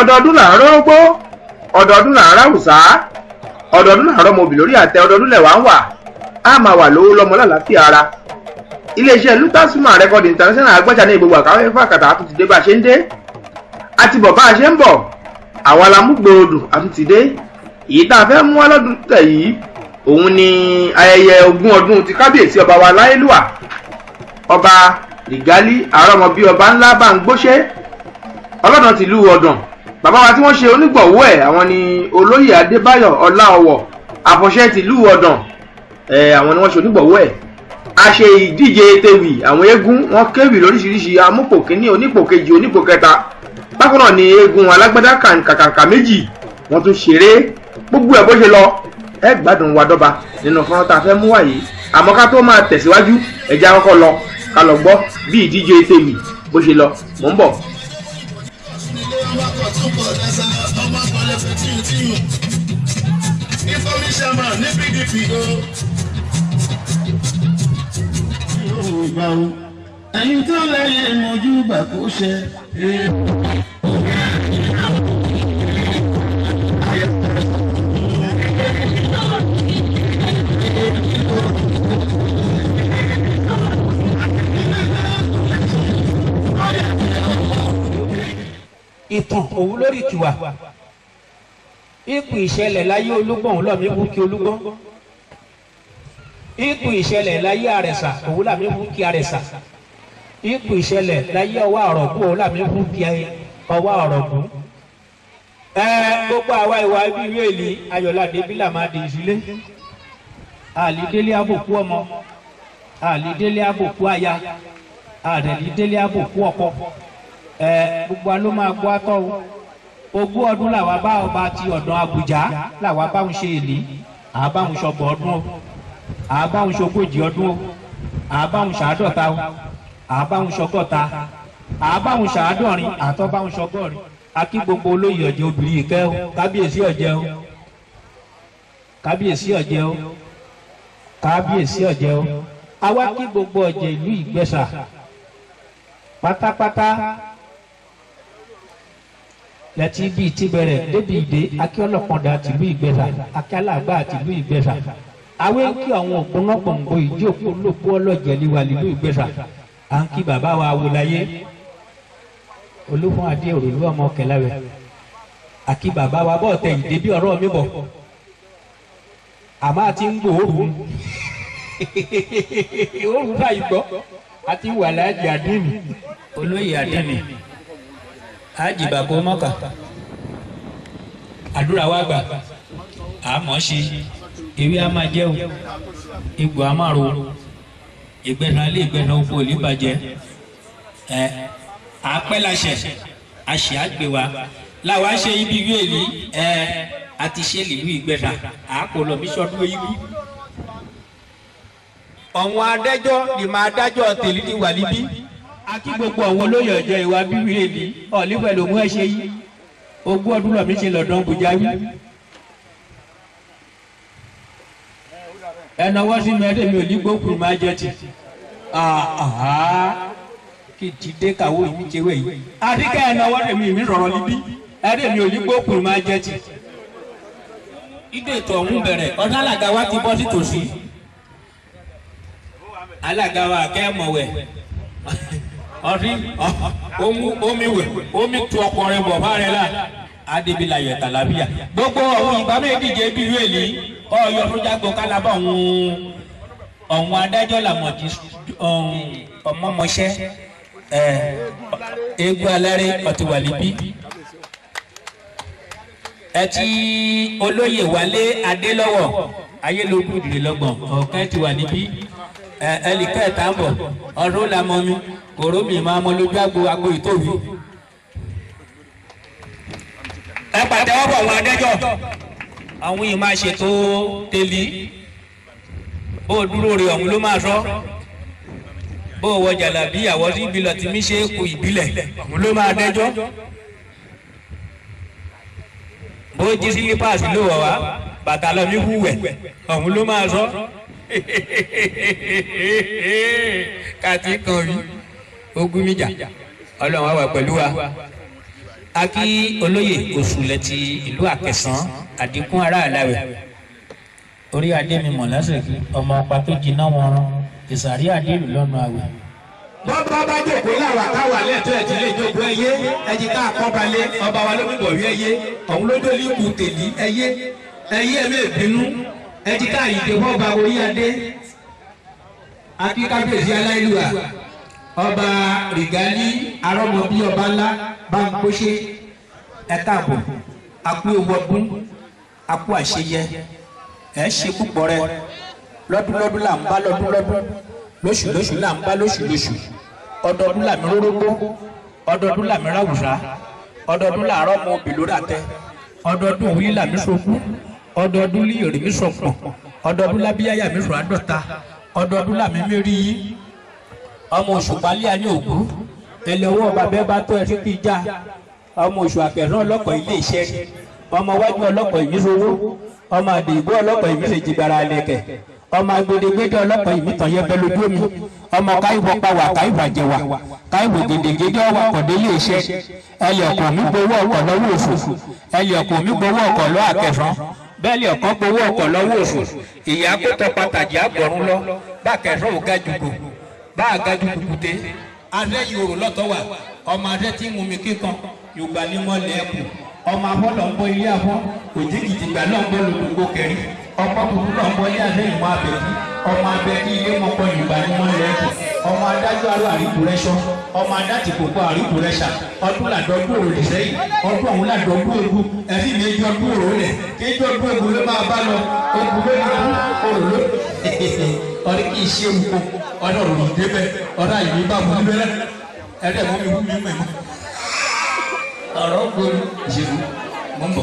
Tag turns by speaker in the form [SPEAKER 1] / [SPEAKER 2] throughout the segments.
[SPEAKER 1] ọdọọdún là ń rórógbó
[SPEAKER 2] ọdọọdún là ń ráwùsá ọdọọdún là ń rọmọbì lórí àtẹ ọdọọdún lẹwà ń wà á máa wà lówó lọ́mọ lálàáfíà ara iléeṣẹ́ lutasuma record international agbẹ́jà ní gbogbo àkàwé fàkàtà a tún ti dé bá a ṣe ń dé a ti bọ̀ bá a ṣe ń bọ̀ àwa la mú èyí tá a fẹ́ mú wá lọ́dún tẹ̀ yìí òun ni ayẹyẹ
[SPEAKER 3] ogún ọdún ti kábíyèsí ọba wa láìlúwà ọba rìgálí àrọmọbí ọba ńlá bá ń gbóṣẹ́ ọlọ́dàn tìlú ọ̀dàn bàbá wa tí wọ́n ṣe onígbọ̀wọ́
[SPEAKER 2] ẹ̀ àwọn ni olóyè adébáyọ̀ ọláọwọ̀ àfọ̀ṣẹ́ tìlú ọ̀dàn àwọn ni wọ́n ṣe onígbọ̀wọ́ ẹ̀ a ṣe ìdíje tewì àwọn eégún wọn kéwì lóríṣiríṣi amúpò kínní onípò kejì onípò kẹta bákan náà ni eégún alágbádá kàǹkàǹkà méjì wọ́n tún ṣeré gbogbo ẹ̀ bó ṣe lọ ẹ gbádùn wa dọ́ba nínú fọ́nrán tá a fẹ́ mú wá yìí àmọ́ ká tó máa tẹ̀síwájú ẹ̀jẹ̀ akọ́kọ́ lọ ká lọ bí ìdíje tèmi bó ṣe lọ mò ń bọ̀
[SPEAKER 3] PDP o.
[SPEAKER 1] Yorùbá o ẹ̀yin tó lẹ́yìn mojú bà kó ṣe.
[SPEAKER 2] ìtàn òwú lórí tiwa ipò ìṣẹ̀lẹ̀ láyé olúgbọ̀n lọ́mí bú kí olúgbọ̀n. ipò ìṣẹ̀lẹ̀ láyé àrẹ̀sà òun làmì fún kí àrẹ̀sà ipò ìṣẹ̀lẹ̀ láyé ọwọ́ àrọ̀kú òun làmì fún kí ọwọ́ àrọ̀kú. ẹ gbogbo àwa ìwà ibi ìwé ìlú ayọ̀ládé bílà máa di ìdílé àlídélé àbòkú ọmọ àlídélé àbòkú aya àdẹ̀lídélé àbòkú ọkọ ẹ gbogbo aló máa gbọ́ atọ́ ogún ọdún bá ọba ti ọ̀dọ̀ Àbújá làwa báwọn ṣe èlé àbáwọn ṣọgbọ ọdún o. àbáwọn ṣogójì ọdún o àbáwọn ṣàádọ́ta o àbáwọn ṣọgọ́ta àbáwọn ṣàádọ́rin àtọ́báwọn ṣọgọ́rin akí gbogbo olóyè ọ̀jẹ̀ obìnrin yìí kẹ́ o kábíyèsí ọ̀jẹ̀ o kábíyèsí ọ̀jẹ̀ o kábíyèsí ọ̀jẹ̀ o àwa kí gbogbo ọ̀jẹ̀ ìlú Ìgbẹ́sà pátápátá lẹ́tí bíi ti bẹ̀rẹ̀ débi ìdè akí ọlọ́kọ̀dà tìlú Ìgbẹ́sà akí alàgbà tìlú Ìgbẹ́sà awé ń kí àwọn ọ̀pọ̀lọpọ̀ ń bọ ìjókòó lóko ọlọ́jẹ̀lẹ̀ wà nílùú ìgbésà à ń kí bàbá wa wò láyé olúfún adé òrùlú ọmọ kẹlẹ́wẹ̀ àkí bàbá wa bọ́ọ̀ tẹ̀ ìdè bí ọ̀rọ̀ mi bọ̀ àmọ́ àti ń gbòòrùn òòrùn báyìí gbọ́ àti wà láàjì àdínì olóyè àdínì àjìbàbọ̀ mọ́kà àdúrà wa gbà àmọ́ ṣe ewé a máa jẹun egbò a máa ro ìgbẹ̀sán alẹ́ ìgbẹ̀sán oko ò ní bàjẹ́ ẹ àpẹ́làṣẹ àṣẹ àgbè wa làwa ṣe ibi ìwé rí ẹ àti ṣe nílùú ìgbẹ̀sán àpò lọ bí sọdún ewu. ọ̀wọ́n adájọ́ ni màá dájọ́ tèlé ní wàlíbí akí gbogbo àwọn olóyè ọjọ́ ìwà bíbí rèé ní ọ̀lẹ́pẹ̀lú mú ẹ ṣe yí ogún ọdún lọ́mí ṣe lọ́dún bùjá ẹnáwó sí mi ẹdẹ mi ò ní gbókùn máa jẹ ti kí dìde kàwé yìí jẹwé yìí àdìgẹ ẹnáwó rẹ mi mi rọrọ níbí ẹdẹ mi ò ní gbókùn máa jẹ ti. ìdè ètò ọ̀hún bẹ̀rẹ̀ ọ̀dọ́ alàgbà wa ti bọ́ sí tòsí alàgbà wa kẹ́ mọ̀wẹ́ ọ̀rí omi wẹ̀ omi tu ọkọ̀ rẹ̀ bọ̀ bá rẹ̀ la adébílayọ̀ tàlàbíyà gbogbo ọ̀hún ìgbà méjìdíje bí irú èlé ọ̀yọ́ fúnjágbó kálábà ọ̀hún ọ̀hún adájọ́ làmọ̀jì ọmọọmọṣẹ́ eégún alárẹ̀ ọ̀tìwàlíbí ẹtí olóyè wálé adélọ́wọ̀ ayélujú ìdílọ́gbọ̀n ọ̀kẹ́ ti wà níbí ẹnì kẹta ń bọ̀ ọdún làmọ́mi kòrómì máa mọ lójú àgbo àgbo ìtòwí ẹ pàtẹ́wọ́ bọ̀ àwọn adẹ́jọ́ àwọn yìí máa ṣètò tèlí bó o dúró rè ọ̀hún ló máa sọ bó o wọ jàlábí àwọ̀ sí ìbílẹ̀ tí mi ṣe é kù ìbílẹ̀ ọ̀hún ló máa dẹ́jọ́ bó o jí sílípàsì ló wọ̀ wá bàtà lọ mí hùwẹ̀ ọ̀hún ló máa sọ kàtí kan rí ogún mi jà ọlọ́run wà pẹ̀lú wa akí olóyè òṣùlẹ̀ ti ìlú àkẹsàn àdínkù ará àlàwẹ̀ orí adé mi mọ̀ lásìkò ọmọ ọpa tó jiná wọn ìsàrí àdéhùn lọ́nà àwẹ̀.
[SPEAKER 1] wọ́n bá bá jòkó láwa káwa
[SPEAKER 2] lẹ́tọ́ ẹ̀jẹ̀ lè jogún ẹyé ẹjì tá a kọ́ balẹ̀ ọba wa ló ń bọ̀ wí ẹyé ọ̀hún ló dé líkù tèlí ẹyé ẹyé ẹ̀ lè bínú ẹjì tá a yìí wọ́n ba orí adé akíkábíyèsí aláìlúwa ọba rìgálí arọ́mọbí ọba ńlá Bánkóṣe ẹ káàbọ̀ àpò ìwọ̀dún àpò àṣeyẹ ẹ ṣe púpọ̀ rẹ lọ́dúnlọ́dún là ń bá lọ́dúnlọ́dún lóṣùlóṣù là ń bá lóṣùlóṣù ọdọọdún làmì rórógbó ọdọọdún làmì ráwùsá ọdọọdún làárọ̀ mọ obì lórí àtẹ ọdọọdún òwúlí làmì sọkú ọdọọdún lí èrè mi sọpọ̀ ọdọọdún lábíyáyà mi sọ àádọ́ta ọdọọdún làmì mérí yí ọmọ òṣùpá lé àní òkú ẹlẹ́wọ́ bàbẹ́ bá tọ́ ẹ̀rí kì í já ọmọ oṣù àkẹ́rán ọlọ́kọ̀ ilé iṣẹ́ ni ọmọ wájú ọlọ́kọ̀ ìmísowó ọmọ àdìgbò ọlọ́kọ̀ ìmísèjìgbara lẹ́kẹ̀ ọmọ agbedegbede ọlọ́kọ̀ ìmítàn yẹ bẹ́ẹ̀ lójú omi ọmọ káyìwọ pawà káyìwọ àjẹwà káyìwọ gèdègèdè ọwà kọ̀délé iṣẹ́ ẹlẹ́ ọkọ̀ mi gbowó ọkọ̀ lọ́wọ́ òfò ẹlẹ́ ọkọ̀ mi gbowó ọkọ̀ lọ́ àkẹ́rán bẹ́ẹ̀lì ọ̀kan gbowó ọkọ̀ lọ́wọ́ òfò ìyá kótó pàtàkì àbọ̀rún lọ bá àkẹ́rán ò ga jùgò bá àga jùgò kùté adé yòrò lọ́tọ̀ wà ọmọ adé tí ń mumi kíkan yorùbá ní mọ́lẹ̀ ẹ̀kú ọmọ abọ́ lọ ń bọ́ ilé abọ́ òjìgìdìgbà lọ ń bọ́ lòdùgbò kẹrí ọpọ́ kúkú lọ ń bọ́ ilé adé ìmọ̀ abẹ́bí ọmọ abẹ́bí ilé mọ̀pọ̀ yorùbá ní mọ́lẹ̀ ẹ̀kú ọmọ adájọ́ aró àríkùrẹ́sọ ọmọ adátìkòkò àríkùrẹ́sà ọdún làdọ́gbò òrè sẹ́yìn ọdún ọ̀hún làdọ́gbò egu ẹ̀fí mi ẹjọ́ gbòòrò rẹ̀ kéjọ́ gbòòrò ló máa bá lọ ebùgbé òrò ọdún kì í ṣe òkò ọdún òrò débẹ ọdún àyè bá mú níbẹ̀rẹ̀ ẹdẹ mú mi wú mi mẹ ọ̀rọ̀ gbòòrò ìṣèlú mọ ń bọ.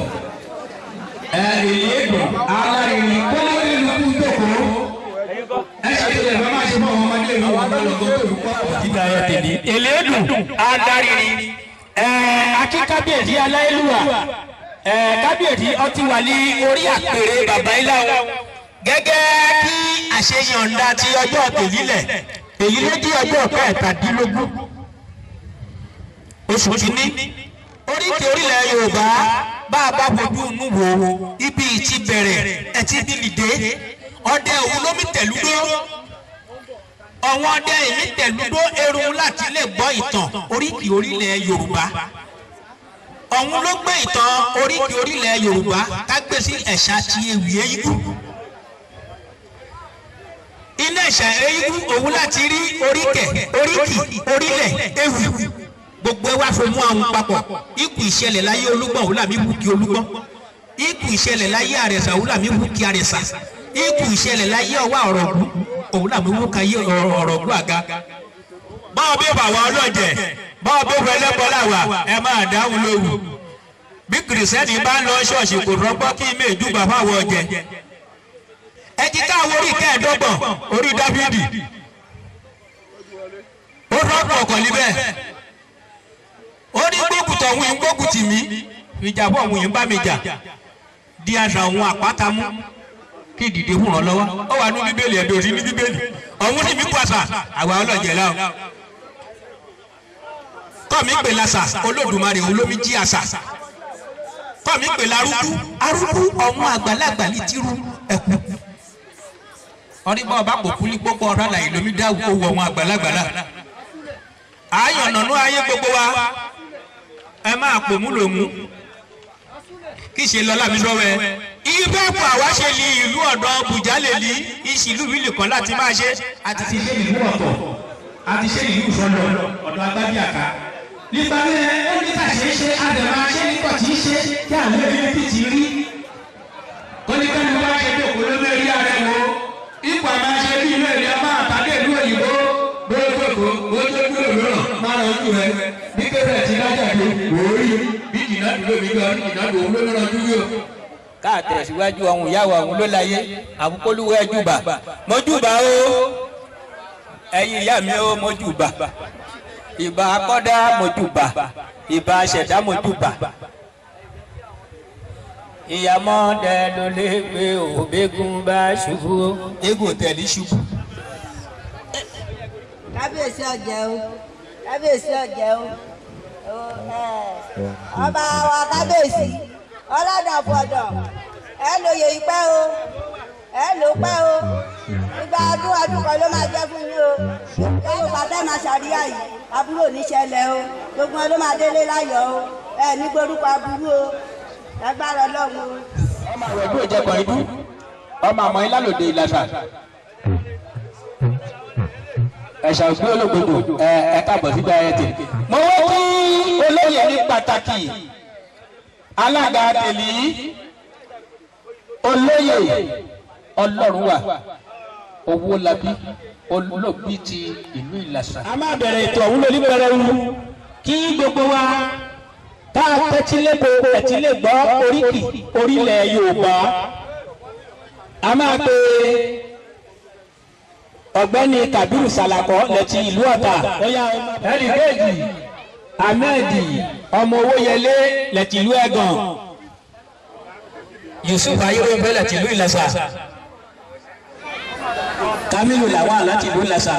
[SPEAKER 2] ẹ èyí èdò alárinrin kó ló ní ìlú kú jókòó ẹ ṣe ìṣẹ̀lẹ̀ ìfẹ́ máa ṣe fún àwọn ọmọdé ìlú wọn lọ́gọ́ tó lùkọ́ ọ̀títà ẹ̀ tèmi. èlé èdò alárinrin ẹ akíkábíyèsí aláìlúwa kábíyèsí ọtí wà ní orí àpèrè bàbá ilá o gẹ́gẹ́ kí àṣeyọ̀ǹda ti ọjọ́ tèlílẹ̀ èyí ló di ọjọ́ kẹtàdínlógún oṣù kìíní oríkè orílẹ̀ Yorùbá bá a bá fojú inú wo ibi ìtì bẹ̀rẹ̀ ẹtí bílìdé ọdẹ òun ló mí tẹ̀lúdó ọ̀wọ́n ọdẹ èmi tẹ̀lúdó erun láti lè gbọ́ ìtàn oríkè orílẹ̀ Yorùbá ọ̀hun ló gbé ìtàn oríkì orílẹ̀ yorùbá kágbé sí ẹ̀ṣà ti ewì eyigbù iná ẹ̀ṣà eyigbù òun láti rí oríkẹ̀ oríkì orílẹ̀ ewì gbogbo ẹ wá fún mú àwọn papọ̀ ikú ìṣẹ̀lẹ̀ láyé olúgbọ̀n òun làmí wù kí olúgbọ̀n ikú ìṣẹ̀lẹ̀ láyé àrẹ̀sà òun làmí wù kí àrẹ̀sà ikú ìṣẹ̀lẹ̀ láyé ọwọ́ ọ̀rọ̀gùn òun làmí wù kí ọ̀rọ̀gùn àga báwo bí wà ọlọ́jẹ̀ ọlọ́jẹ̀ bí ẹ máa dáhùn lówù bí kìrìsẹ́nì bá ń lọ ṣọ́ọ̀ṣì kò rọ́gbọ́ kí bàbá ọ̀jẹ̀ ẹ ti káwọn orí kẹ́ẹ̀dọ́gbọ̀n orí Dáfídì ó rọ́pò ọ̀kọ̀ níbẹ̀ ó ní gbókùtọ̀ òun ìgbókùtì mí ìjàbọ̀ òun ìbá mi jà di àpáta mú kí ọ̀hún ní kọ́mi pè lásà olódùmarè olómi jí àṣà kọ́mi pè larúkú arúkú ọ̀hún àgbàlagbà ní tìrú ẹ̀kú ọ̀rìbọ̀ ọba kò kúlí gbogbo ọ̀rọ̀ àlàyé lómi dáwù kó wọ ọ̀hún àgbàlagbà náà ààyàn nànú ayé gbogbo wa ẹ máa pò mú lòmú kí ṣe lọ lámì lọ́wọ́ ẹ. ibẹ̀ kọ́ àwa ṣe lè ìlú ọ̀dọ́ bùjálè ní ìṣìlú wíìlì kan láti máa ṣe. àti ṣe ìlú ọ̀tọ̀ àti ṣe ìlú ìfọ̀lọ̀ ọ̀dọ̀ agbábíàká nípa ní ẹ ó ní tàṣe ṣe àdàmà ṣe nípa tí í ṣe kí àwọn ẹbí ní títì rí ó ní kẹ́ni wá ṣe bí òkú lómi rí ara ẹ̀ wò ipò àmà ṣe
[SPEAKER 1] bí inú èrè ọmọ àtàdé ìlú òyìnbó bóyá tó kó bóyá tó kó òmíràn má lọ ojú rẹ
[SPEAKER 2] bí kébẹ̀ ti lájà dé wòórí bí jìnnà dúró mi gbọ́ bí jìnnà dúró ló lọ́nà dúró káàtẹ̀ síwájú àwọn ìyáwó àwọn ló láyé àbúkólúwẹ̀ jùbà mọ́jùbà o ẹ̀yin ìyá mi ó mọ́jùbà ìbà akọ́dá mojúbà ìbà ṣẹ̀dá mojúbà ìyàmọ́ dẹ́nu lè gbé òbégún bá ṣubú. eégún tẹ̀lé ṣubú. kábíyèsí ọ̀jẹ̀ o kábíyèsí ọ̀jẹ̀
[SPEAKER 1] o ọba wa kábíyèsí ọlọ́dọ̀
[SPEAKER 2] fọ̀dọ̀ ẹ lóye ipá o ẹ ló pẹ́ o ìgbà ọdún ọdún kan ló máa jẹ́ fún yín o lẹ́yìn pàtẹ́ máa ṣàríyá yìí àbúrò níṣẹ̀lẹ̀ o gbogbo wọn ló máa délé láyọ̀ o ẹ ní gbórúkọ aburú o lágbára Ọlọ́run o. ọmọ àwọn ẹgbẹ́ ìjẹ̀kọ̀ ibú ọmọ àmọ́ yín lálòdì ìlàsà ẹ̀ṣà ògbé olóògbòdò ẹ̀ káàbọ̀ sí dáyẹ̀tì. mo wá kí olóyè ní pàtàkì alága tèlí olóyè ọlọ́run wà owó labi olóògbé ti ìlú ìlàsà. a máa bẹ̀rẹ̀ ètò ọ̀hún lórí bẹ̀rẹ̀ wú
[SPEAKER 1] kí gbogbo wa tá a tẹ́tílẹ́gbọ́ ẹ̀tílẹ́gbọ́ oríkì
[SPEAKER 2] orílẹ̀ Yorùbá a máa pe ọ̀gbẹ́ni Kabiru Salako lẹ́tí ìlú Ọ̀tà ẹ̀rígẹ́ẹ̀dì Ahmed ọmọ owó yẹlé lẹ́tí ìlú Ẹ̀gàn Yusuf ayélujára lẹ́tí ìlú Ìlàsà. Kamilu Lawal láti ìlú Ìlàsà.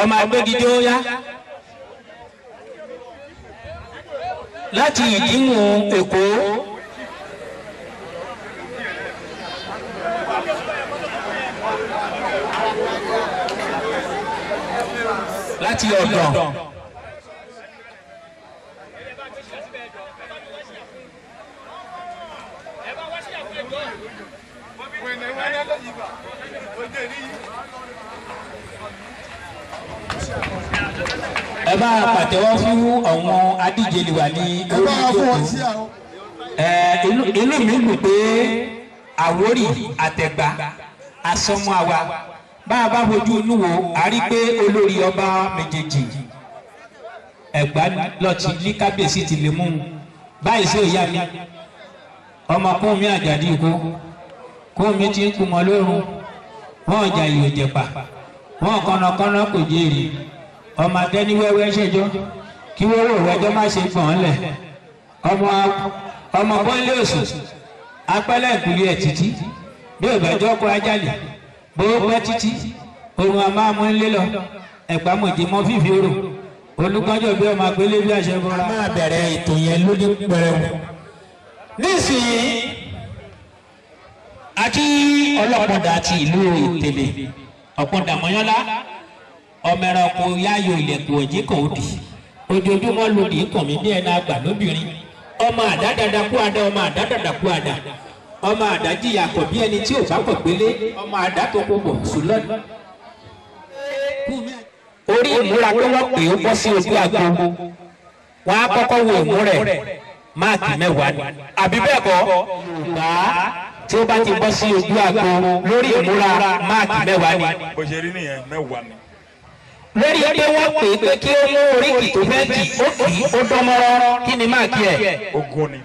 [SPEAKER 2] ọmọ agbẹ́gidé ó yá láti ìdíwọ̀n Èkó.
[SPEAKER 1] láti ọ̀dọ̀.
[SPEAKER 2] ẹ bá pàtẹ́wọ́ fún àwọn adíje wa ní orí ìjókòó inú mi dùn pé àwórì àtẹ̀gbá asọ́mú àwa bá a bá fojú inú wo a rí pé olórí ọba méjèèjì ẹ̀gbá lọ́ọ̀tì ní kábíyèsí ti lè mú un báyìí sí ìyá mi ọmọ kóun mi àjàdí ikú kóun mi ti ń kú mọ́ lórun wọn jà ìwé jẹ̀pà wọn kọ́nàkọ́nà kò jèrè ọmọ adẹ́ni wẹ́wẹ́ ṣẹjọ́ kí wọ́n rò wẹ́jọ́ má ṣe fọ̀n lẹ̀ ọmọ ọmọ bọ́ńlé òsù apẹ́lẹ́ ìkúlé ẹ̀ títí bí ìbàjọ́ kọ́ ajálẹ̀ bó pẹ́ títí òun àmọ́ àmọ́ ńlé lọ ẹ̀pá mọ̀jẹ̀ mọ́ fífi rò olùkọ́jọ́ bí ọmọ àgbélé bí àṣẹ fún wa. a máa bẹ̀rẹ̀ ètò yẹn lójú pẹrẹwu
[SPEAKER 3] nísìnyí.
[SPEAKER 2] àti ọlọ́pọ̀dà ti ìlú ìtẹ̀lẹ̀ ọ̀pọ̀dà mọ́yọ́lá ọmọ ẹranko yáyò kan òdì ojoojúmọ́ lòdì kàn mí bí ọmọ àdádàdà kú àdá ọmọ àdádàdà kú àdá ọmọ àdájìyà kọ̀ bí ẹni tí ò bá kọ̀ pélé ọmọ àdá tó kó bọ̀ sùlọ́ọ̀nù orí ìmúra pé wọ́n pè ó bọ́ sí ojú àgbo
[SPEAKER 3] tí ó bá ti bọ́ sí ojú àgbo lórí ìmúra máàkì mẹ́wàá ni. bó ṣe rí nìyẹn mẹ́wàá ni.
[SPEAKER 2] lórí pé wọ́n pè é pé kí ó mú oríkì tó fẹ́ kì ó kì í ó dánmọ́rọ́ kí ni máàkì ẹ̀. ogun ni.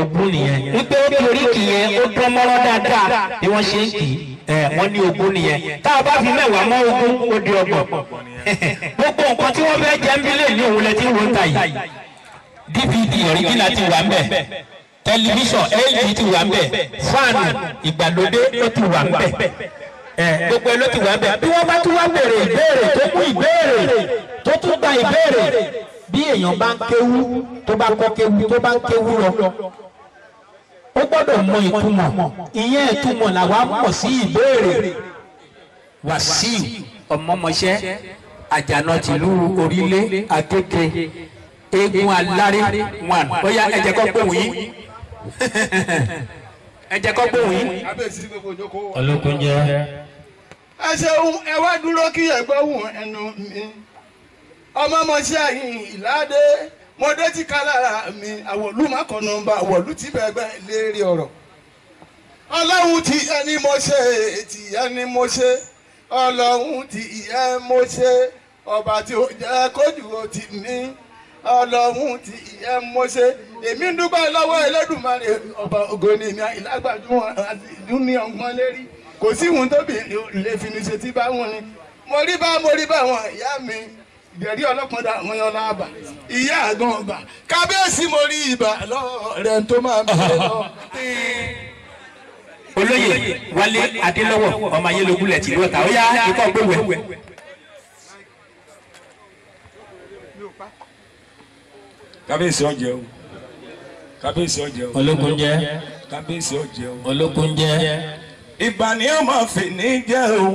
[SPEAKER 2] ogun nìyẹn. wípé ó fi oríkì yẹn ó dánmọ́rọ́ dáadáa bí wọ́n ṣe ń kì í wọ́n ní ogún nìyẹn tá a bá fi mẹ́wàá mọ́ ogún ó di ọgbọ̀n gbogbo nǹkan tí wọ́n fẹ́ jẹ́ ń bílẹ̀ ní òun lẹ wọ́n ta yìí
[SPEAKER 3] dvd ọ̀ríjìnà ti wà ń tẹlifíṣàn led ti wà ń bẹ fáànù ìgbàlódé ló ti wà ń bẹ gbogbo ẹ ló ti wà ń bẹ bí wọ́n bá tún wá béèrè
[SPEAKER 2] ìbéèrè tó kú ìbéèrè tó tún gba ìbéèrè bí èèyàn bá ń kéwú tó bá kọ́ kéwú tó bá ń kéwú lọ ó gbọ́dọ̀ mọ ìtumọ̀ ìyẹn ìtumọ̀ làwa mọ̀ sí ìbéèrè Wàsíù ọmọọmọṣẹ́ àjànà tìlú orílẹ̀ àkékè eégún aláré wọn bóyá ẹ̀jẹ̀ kan pòun yìí ẹ jẹ́ kọ́ gbóhùn yín. olókun jẹ́. ẹ ṣeun ẹ wá dúró kí
[SPEAKER 1] ẹ
[SPEAKER 3] gbóhùn ẹnu mi ọmọ ọmọ ṣe àyìn ìlàdé mọdé tí kálára mi àwọ̀lú mákànnà bá àwọ̀lú tí bẹ́ẹ̀ léèrè ọ̀rọ̀
[SPEAKER 1] ọlọ́run ti ẹni mo ṣe ti ẹni mo ṣe ọlọ́run ti ìyẹn mo ṣe ọba tí ó jẹ́ kójú ó ti ní ọlọ́run ti ìyẹn mo ṣe èmi ń dúpẹ́ lọ́wọ́ Ẹlẹ́dùmarè ọba ògo ni mi ìlágbàdúmọ̀
[SPEAKER 3] àti ọgbọ́n lérí kò sí ìwọ̀n tóbi lè fi mi ṣe tí bá wọn ni mo rí bá mo rí bá wọn ìyá mi ìdẹ̀rí ọlọ́pọ̀dà àwọn ọlá àbà ìyá àgbọn ọba kábíyèsí mo rí ibà lọ́wọ́ tó máa bẹ̀rẹ̀ lọ. olóyè wálé adélọ́wọ̀ ọmọ ayélujára tìlú ọ̀tà ó yá ikọ̀ gbówẹ̀. kábíyèsí ọ̀jẹ̀ o kábíyèsí ọ̀jẹ̀ ológun jẹ́ kábíyèsí ọ̀jẹ̀ ológun jẹ́. ìbàní ọmọ fìní jẹ́ o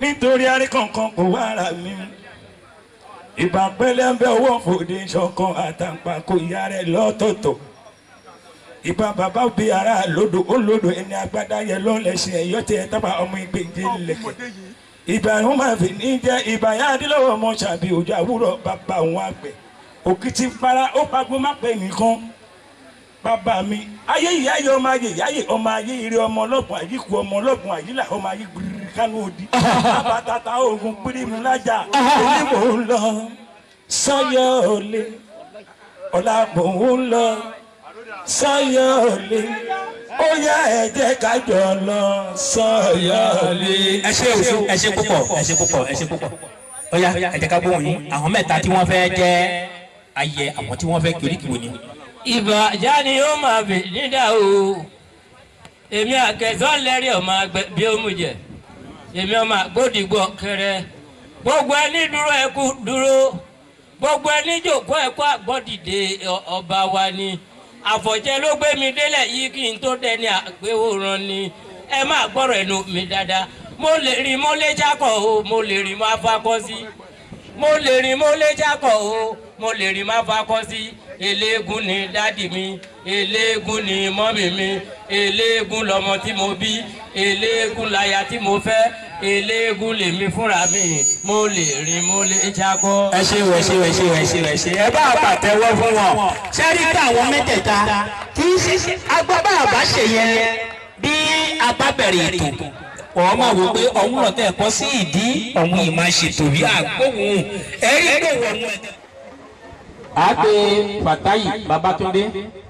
[SPEAKER 3] nítorí aríkànkan kò wá ara mi ìbà pẹlẹmbẹ owó fòde ṣọkan àtàǹpà kò yá rẹ lọ́tọ̀ọ̀tọ̀ ìbà bàbá bí ara lódò ó lódò ẹni agbádá yẹ lọ́lẹ̀ṣẹ̀ ẹ̀yọ́ tẹ tábà ọmọ ìgbéǹde lẹ̀kẹ̀ ìbà ìhùn máa fi ní jẹ́ ìbà yá adílọ́wọ́ ọmọ ṣàbí òjò àwúrọ̀ bàbá òun àgbẹ̀ òkìtì para ó pagbó má pẹ́ nìkan bàbá mi ayé ìyá yẹ ọmọ ayé ìyá yẹ ọmọ ayé ìrẹ ọmọ ọlọ́gbọ̀n àyíkú ọmọ ọlọ́gbọ̀n àyílà ọmọ ayé gbìrì kánú òdì abatata oògùn pírímù lájà onímọ̀ ń lọ sáyà òlé ọ̀làbọ̀ ń lọ sáyà òlé ó yá ẹ jẹ́ ká jọ lọ sáyà òlé. ẹ ṣe òṣù ẹ ṣe púpọ̀
[SPEAKER 2] ẹ ṣe púpọ̀ ẹ ṣe púpọ̀ ó yá ká bóun yín àwọn mẹ́ta tí wọ́n fẹ́ jẹ́ ayẹ àwọn tí wọ́n fẹ́ kí oríkì wọn ni. ìbàjá ni ó máa bè nídà o èmi àkẹsàn lẹ́rìí ọmọ àgbẹ̀ bí ó mú jẹ èmi ọmọ àgbòdìgbò kẹrẹ gbogbo ẹni dúró ẹkú dúró gbogbo ẹni jòkó ẹkú àgbọ̀dìde ọba wa ni àfọ̀jẹ́ ló gbé mi délẹ̀ yìí kí n tó dẹni àgbéwòrán ni ẹ má gbọ́rọ̀ ẹnu mi dáadáa mo lè rìn mo lè jákọ̀ o mo lè rìn mo afakọ́ sí mo lè rìn mo lè jákọ̀ o mo lè rí má fakọ́ sí eléégún ni dádì mi eléégún ni mọ́mì mi eléégún lọmọ tí mo bí eléégún láya tí mo fẹ́ eléégún lèmi fúnra mi mo lè rí mo lè jágọ́. ẹ ṣe wẹ̀ ṣe wẹ̀ ṣe wẹ̀ ṣe wẹ̀ ṣe ẹ bá pàtẹ́wọ́ fún wọn ṣẹ́rí ká àwọn mẹ́tẹ̀ẹ̀ta kì í ṣe agbábá àbá ṣèyẹn bí abábẹ̀rẹ̀ ètò ọ̀ máa wò pé ọ̀hún ọ̀tẹ̀ kọ́ sí ìdí ọ̀hún ìmáṣètò bí àgbóhùn ẹ̀rí gbòòwò
[SPEAKER 1] ọ̀hún ẹ̀tẹ̀ àgbẹ̀ fatayi babatunde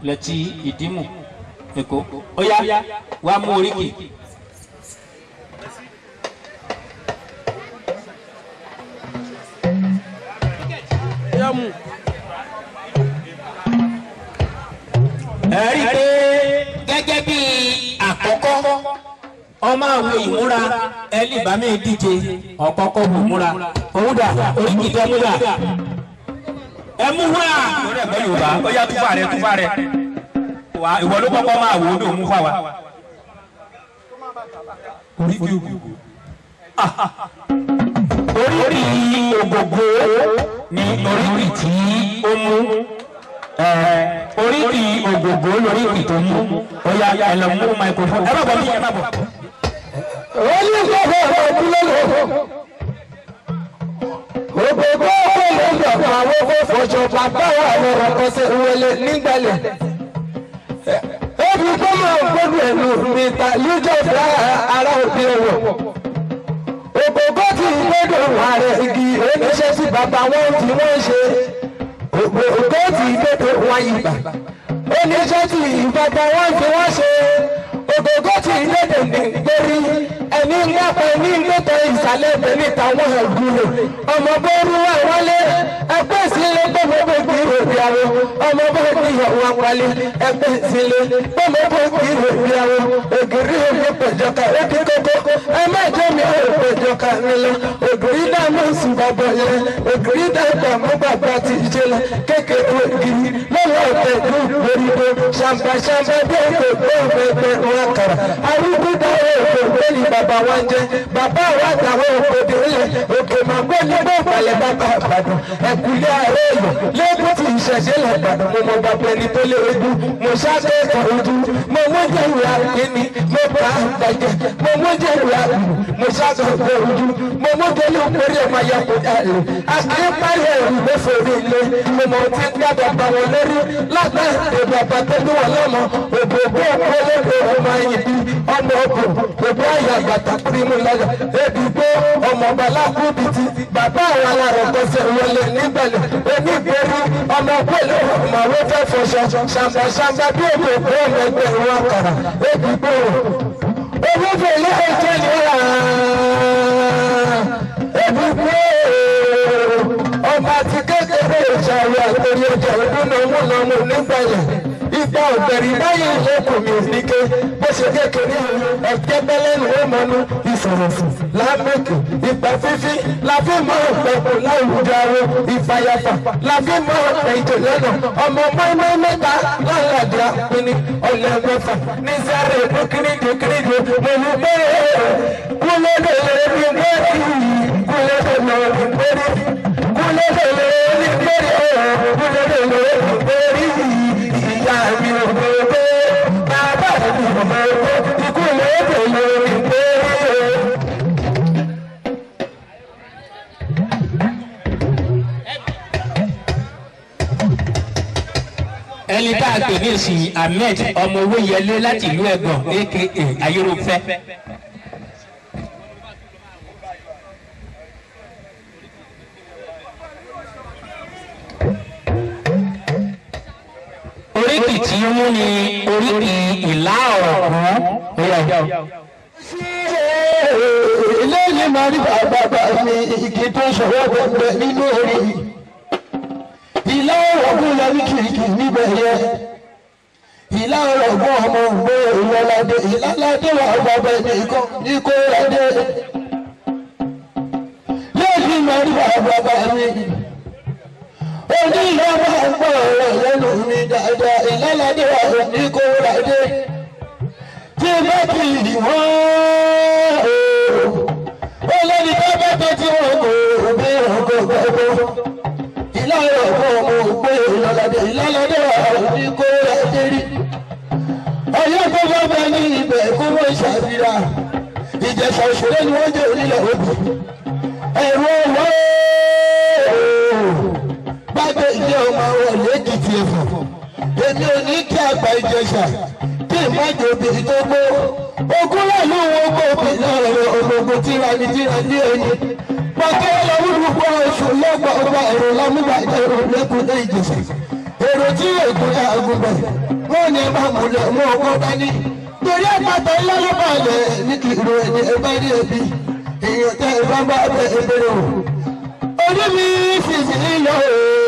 [SPEAKER 2] lẹ́tì ìdímù èkó ọ̀yá wàá mú oríkì. mu. ẹ̀rí pé gẹ́gẹ́ bí àkọ́kọ́ ọmọ àwọn ìmúra ẹlẹ́bàámi díje ọ̀kọ́kọ́ wò múra òun dà orí múra ẹ mú wá. lórí ẹ̀gbọ́n yorùbá ó yá túbà rẹ túbà rẹ wà ìwọ ló kọ́kọ́ máa wò ó ní òun fà wá. oríkì ògògò ni oríkì tí ó mú oríkì ògògò lóríkì tó mú ó yá ẹ lọ mú microphone ẹ bá bọ̀ bí ẹ bá bọ̀. olùkọ́ bọ̀ ọ́ kúlẹ̀. awogo fọjọ bàbá
[SPEAKER 1] wà lọ́rọ̀ kọsẹ̀ wọlé nígbàlẹ̀. ebi gbọ́mọ̀ gbogbo ẹ̀lú ta, yíjọ́ bá ara òbí ẹ̀wọ̀. ògógó ti gbọ́dọ̀ wà rẹ̀ igi oníṣẹ́ sí bàbá wọn tí wọ́n ṣe. ògógó ti gbọ́dọ̀ wà ìgbà oníṣẹ́ sí bàbá wọn tí wọ́n ṣe. ògógó ti gbọ́dọ̀ gbẹ̀rí ẹni mọ́pọ̀ ní ìlẹ́tọ̀ ìsàlẹ̀ ìbẹ̀lì táwọn ẹ̀gúnlẹ̀ ọmọ bó rúwà wọlé ẹgbẹ́ ìsìnlẹ̀ tó mọ́ bó kí ìròbí àwọn ọmọ bó kí ìyàwó apalẹ̀ ẹgbẹ́ ìsìnlẹ̀ tó mọ́ bó kí ìròbí àwọn ògiri omi pẹ̀jọ́ka ó kí kókó ẹ má jẹ́ mi ò pẹ̀jọ́ka nílẹ̀ ògiri dààmú sùn bàbá yẹn ògiri dààmú bàbá ti jẹ́ lọ kékeré ògiri lọ́wọ́ ọ̀tẹ̀ wọn jẹ bàbá àwọn àtàwọn òkòdìrí yẹn òkè màgbé nígbà ìpàlẹ̀ bàbá àbàdàn ẹ̀kúlẹ̀ ààrẹ èèyàn lẹ́kùn tí ìṣẹ̀ṣẹ̀ lẹ̀ gbàdàn mo mọ bàbá ẹni tó lé ojú mo ṣáké ẹ̀kọ́ ojú mo mú jẹ́ ìwà kíni mo bá àgbàjẹ mo mú jẹ́ ìwà kùn mo ṣáké ẹ̀kọ́ ojú mo mú jẹ́ ní òkúrí ẹ̀ máa yẹ kó dàlẹ́ àkíńpáyé ìwé ilé mo mọ ti ń wọn lórí ọmọ ogun gbogbo àyà bàtà kirimu lọlẹ ebi gbó ọmọọba lákúbi ti bàbá àwọn alárò gbèsè wọlé nígbàlẹ onígbèrú ọmọ pẹ̀lú ọmọwé fẹẹ fọṣọ ṣàǹbàṣàǹbà bí èmi òkú ọmọ ẹgbẹ́ ìwọ àkàrà ebi gbó owó fèlè ẹjẹ nira ebi gbó ọmọ àti kékeré ìṣàwọ̀ àtòrí ọjà ìdúnnà múnamú nígbàlẹ ìgbà òbẹ̀rì báyìí ìṣèkùnmí ní ṣe kékeré òun ẹ̀jẹ̀ bẹ́lẹ́nu ó mọnu ìfòròfò lámìkì ìgbà fífi láfi mọ ọ̀pọ̀ láwùjọ ìfàyàfà láfi mọ ọ̀pọ̀ ìtòlẹ́nà ọmọ mọ́ínmọ́ mẹ́ta lálàdà pinni ọ̀lẹ́ mẹ́fà ní sáré bukini dikiride mọ̀lú bẹ́ẹ̀ kúlódé lórí bẹ́ẹ̀ kúlódé lórí bẹ́ẹ̀ kúlódé lórí bẹ́ẹ̀ kúlódé lórí bẹ́ẹ̀ ìyá mi ò bẹ́ẹ̀ ẹni
[SPEAKER 2] tá a pè ní ìsìn ahmed ọmọ owó yẹlé láti ìlú ẹ̀gbọ́n aka ayélujáfẹ́.
[SPEAKER 1] méjì tí ń mú ni oríkì ìlà ọ̀hún rẹ̀. eléyìí máa rí bàbá mi igi tó ṣòro gbẹgbẹ nínú orí ìlà ọ̀hún lọ ní kìrìkì níbẹ̀ yẹ ìlà ọ̀gbọ́n ọmọ ògbó ìlọ́ládé ìlọ́ládé wà bàbá ẹni ní kó ládé. lẹ́yìn máa rí bàbá mi òní ìyá máa ń gbọ́ ọ̀rọ̀ lẹ́nu mi dáadáa ìlàládé wa ò ní kó ládé tí bá ti rì wọ́n ó lẹ́ni tó bá ni wọ́n jẹ́ orílẹ̀ òbí ẹ̀rọ wọ́ọ́. Babábéjì ò máa wọ̀ lẹ́kìtì Ẹ̀fọ̀n èmi ò ní kí àgbà Ìjẹ̀ṣà kí ìmọ̀jọ obìnrin tó gbó ogún lẹ́nu wọn gbó obìnrin ọ̀rọ̀ ògbógun tírani tírani ẹni pàtó ọlọ́wọ́dúnkọ oṣù lọ́gbà ọgbà ẹ̀rọ lámúbàjẹ́ òlẹ́kùnlé Ìjẹ̀ṣà èrò tí ègúnlẹ̀ àgùnbẹ̀ wọn ni màmúlẹ̀ mọ́ ọkọ dání torí àpàtà ńlá ló bàlẹ̀ ní kìrò ẹni ẹgbẹ́ ní ẹbí èèyàn tẹ ìbámbá ẹgbẹ́ ẹgbẹ́ rẹ̀ orí mi sì lọ òòó.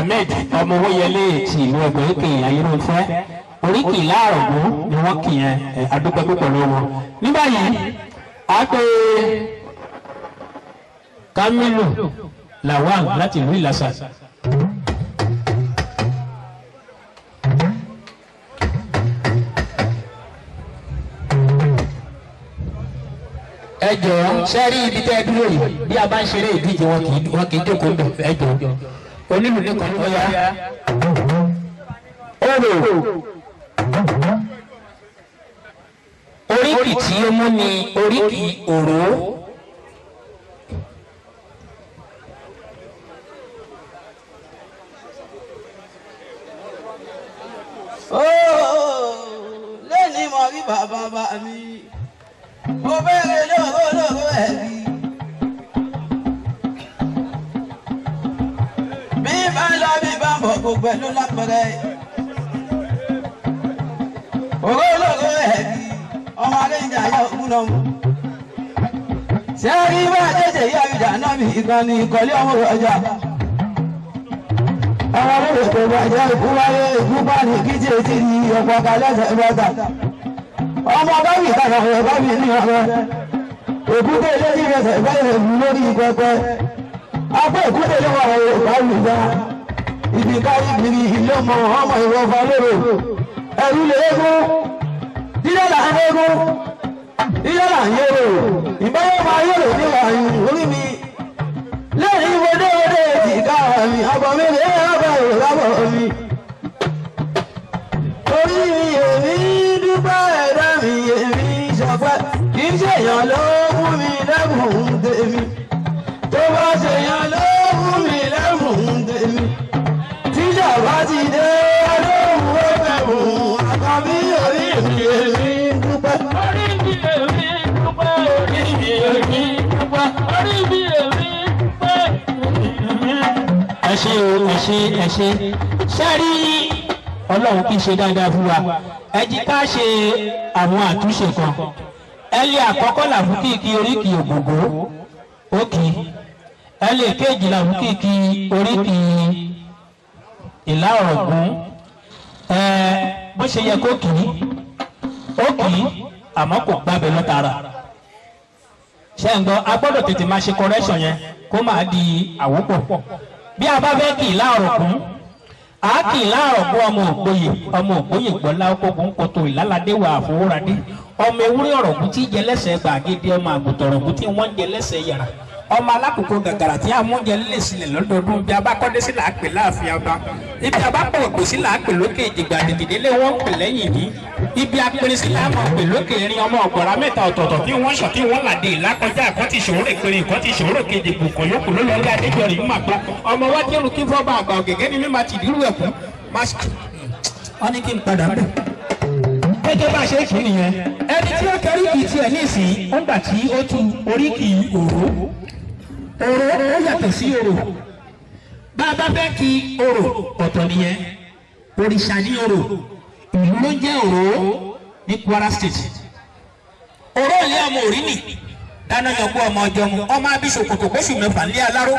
[SPEAKER 2] ahmed ọmọ owóyẹlé ti ìlú ẹgbẹ́ ìkẹyìn ayélujáfẹ́ oríkì láàrọ̀gbó ni wọ́n kì yẹn àdúgbò púpọ̀ lọ́wọ́ ní báyìí a pe kamilu lawan láti ìlú ìlàsà. ẹ jọ̀ọ́ sẹ́rí ibi tẹ́ ẹ dúró yìí bí a bá ń ṣeré ìdíje wọn kì í jókòó ẹ jọ̀ọ́ onílù ní kan ọ̀yá orò oríkì tí ó mú ni oríkì òró.
[SPEAKER 1] lẹ́ni mo rí bàbá bá mi mo bẹ̀rẹ̀ lọ́wọ́ lọ́wọ́ ẹ̀bí. alábí bá ń bọ̀ kó pẹ̀lú lápẹ̀rẹ̀. Òró olóko ẹ̀ di ọmọ aléǹjà yá òkú náà mú. Ṣé rí bá tètè yá ìjà náà mi ìkan ni ìkọ̀lé ọmọ ọjà? Àwọn olóko tó bàjẹ́ ikú wáyé ikú bá ní kíjì etí ni ọ̀pọ̀ kalẹ̀ ẹ̀sẹ̀ bọ́ta. Ọmọ bábí ìtajà ọ̀rọ̀ bábí ní ọ̀rọ̀. Òkúté ilé ní ìrẹsẹ̀ báyìí lórí pẹpẹ. Apá òkúté ló wà ọ̀rọ̀ báyìí dáa ibi káyí gbìrì ilé ọmọ ọmọ ìwọ̀fà lérò ẹ̀rú lè égún ilé là ń égún ilé là ń yérò ìbáyọ̀ máa yérò ní wàyí orí mi lẹ́yìn wọlé wọlé èjìká mi àbọ̀ mi lè ọbẹ̀ rò lábọ̀ mi. orí mi èmi dúpẹ́ ẹ̀dá mi èmi ṣọpẹ́ kì í ṣèyàn ló mú mi lẹ́bùn tèmi.
[SPEAKER 2] ṣé o ẹ ṣé ẹ ṣé sẹ́rí ọlọ́run kì í ṣe dáadáa fún wa ẹ jí ká ṣe àwọn àtúnṣe kan ẹlẹ àkọ́kọ́ làwọn kìkì oríkì ògògó òkì ẹlẹ kejì làwọn kìkì oríkì ìlà ọ̀gùn ẹ bó ṣe yẹ kó kì í òkì àmọ́ kò gbábẹ́ lọ́tara ṣé a gbọ́dọ̀ tètè máa ṣe correction yẹn kó máa di àwòpọ̀ bí a bá fẹ́ kì í láàrọ̀ kún a kì í láàrọ̀ kún ọmọ ògbóyè ọmọ ògbóyè gbọ́lá ọkọ̀gùn kòtò ìlàládé wà àfọwọ́radé ọmọ ewúrẹ́ ọ̀rọ̀gùn tí jẹ lẹ́sẹ̀ gbàgede ọmọ àgùntàn ọ̀rọ̀gùn tí wọ́n jẹ lẹ́sẹ̀ yàrá ọmọ alákòókò gàgàrà tí amúnjẹ lè sílẹ̀ lọ́dọọdún bí abákọ́dé sí làápè láàfin ọba ibi abápọ̀ ògbó sí làápè lókè ìdìgbà dìdìdélé wọ́n pè lẹ́yìn ní ibi apẹ̀rẹ̀ sí làámọ̀ pè lókè erin ọmọ ọ̀gbọ̀nra mẹ́ta ọ̀tọ̀ọ̀tọ̀ tí wọ́n sọ tí wọ́n làdé ìlàkọjá àkọ́tì ìṣòro ìpèrè ìkọ́tì ìṣòro kejì kùkọ̀ yòókù ló lọ́ọ́ rí adéjọ́rì ń màgbá ọmọ wa tí olùkí fọ́ba àgbà ògègé ni mímà gẹ́gẹ́ bá a ṣe kì í nìyẹn ẹni tí ó kẹrí kì tiẹ̀ ní ìsìn ó tí ó tu oríkì òru oro ó yàtọ̀ sí òrò bá a bá fẹ́ kí òrò ọ̀tọ̀ nìyẹn òrìṣà ní oro, ìlú ló ń jẹ́ òrò ní Kwara State òrò ilé ọmọ òrìnì dáná yọkú ọmọ ọjọ́ mu ọmọ abíṣòkòtò kóṣù mẹ́fà ní aláró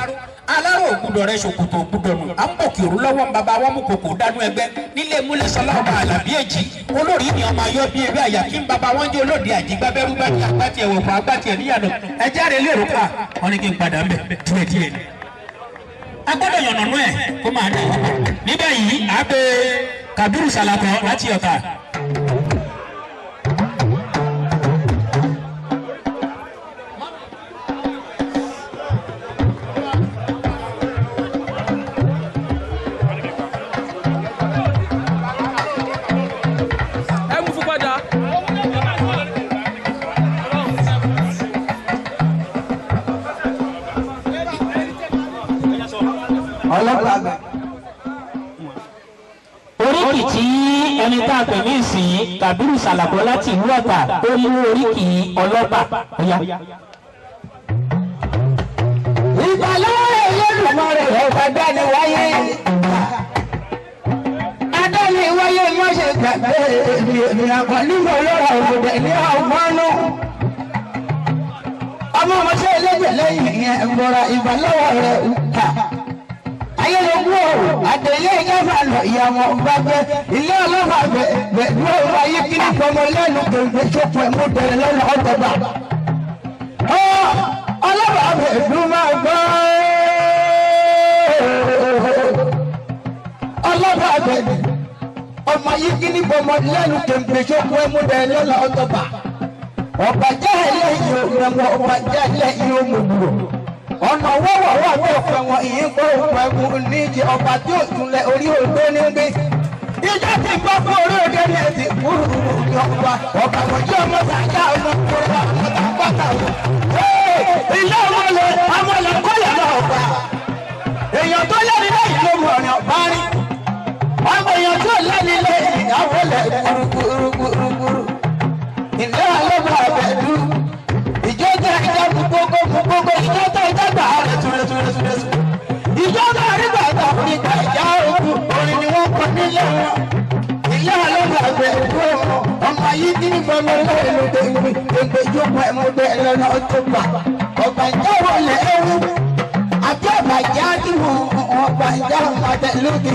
[SPEAKER 2] aláró ògùdọ̀ rẹ ṣòkòtò ògùdọ̀ nù à ń bọ̀ kí òru lọ́wọ́ ń bàbá wọn mú kòkò dánú ẹgbẹ́ nílé múlẹ̀sọ́lá ọba àlàbí èjì olórí ni ọmọ ayọ́ bí ewé àyà kí ń bàbá wọn jẹ́ olóde àjígbá bẹ́rú bá ti àgbá tiẹ̀ wọ̀fọ̀ àgbá níyànà ẹ jáde lérò pa wọn ni kí n padà mbẹ díẹ̀ díẹ̀ ni. a gbọ́dọ̀ yànnànú ẹ̀ kó máa dà níbẹ̀ yìí àbẹ̀ Kabiru Salatọ láti Ọ̀tà ẹni tá a pè ní ìsìn Kàbírù Sàlàkọ́ láti ìlú Ọ̀tà ó mú oríkì ọlọ́ba ọ̀yá. ìgbàlá Olódùmarè ọ̀fà dáni wáyé
[SPEAKER 1] adáni wáyé mọ́ṣẹ́ gbàgbé èmi àgbà nígbà olóra òbòdè ní ọgbọ́nú ọmọ ọmọṣẹ́ ẹlẹ́jẹ̀ lẹ́yìn ìyẹn ń bọ̀ra ìgbàlọ́wọ́ rẹ̀ ayélujú ọ̀hún àtẹ̀lé ìjọba lọ ìyàwó gbàgbé ilé ọlọ́fà gbẹ̀gbẹ̀ ló wáyé kíní pọmọ lẹ́nu gbẹ̀gbẹ̀ tó pẹ̀ mú tẹ̀lé lọ́nà ọ̀gbọ̀gbà. ọlọ́fà gbẹ̀gbẹ̀ máa gbọ́ ọlọ́fà gbẹ̀gbẹ̀ ọmọ yìí kíní pọmọ lẹ́nu gbẹ̀gbẹ̀ tó pẹ̀ mú tẹ̀lé lọ́nà ọ̀gbọ̀gbà. ọ̀bàjẹ́ ẹlẹ́yìn ọ̀gbọ̀gbà ọ̀bàjẹ́ ẹlẹ́yìn ọ̀gbọ̀gbà ọ̀nà wọ́wọ̀ wà tó fẹ́ wọn ìyín gbọ́ òkun ẹ̀gún níjì ọba tí ò túnlẹ̀ orí òdo ní gbé. ìjọ ti gbọ́ fún orí òde ní ẹ̀sìn kúrú ní ọba ọba ìwọ̀jú ọmọ sàkà ọmọ kúrò ọmọ tàpátà wò. ilé ọmọ lọ ọmọ lọ kó yẹ lọ ọba.
[SPEAKER 3] èèyàn tó lẹ́ni lẹ́yìn ló mú ọ̀rìn
[SPEAKER 1] ọ̀bá rí. ọmọ èèyàn tó lẹ́ni lẹ́yìn ìyàwó lẹ̀ ẹ̀kọ́ ọmọ yìí ní ìfọ̀nà lẹ́nu tèmi ìgbèjọba ẹ̀mọ́dé lọ́nà tó gbà ọ̀gbàjẹ́ wọlé ewu àti ọ̀gbàjẹ́ àdìwọ̀n ọ̀gbàjẹ́ ọ̀gbàjẹ́ lóde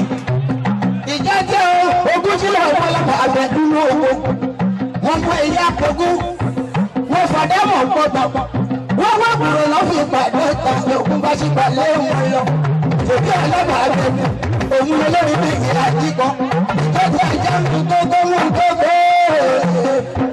[SPEAKER 1] ìjẹ́jẹ́ ogún sílẹ̀ ọ̀pọ̀lọpọ̀ àgbẹ̀dúró owó wọn kọ èyí àpọ̀gún wọn fàdámọ̀ gbọ́dọ̀ wọn wá gbòòrò lọ́fìn pàdé ọ̀tà lókun bá ṣì gbà lé wọn lọ fòkè ọlọ́pàá àgbẹ̀dú òun lórí méjì àdìgbọ́n. ya, todo, todo!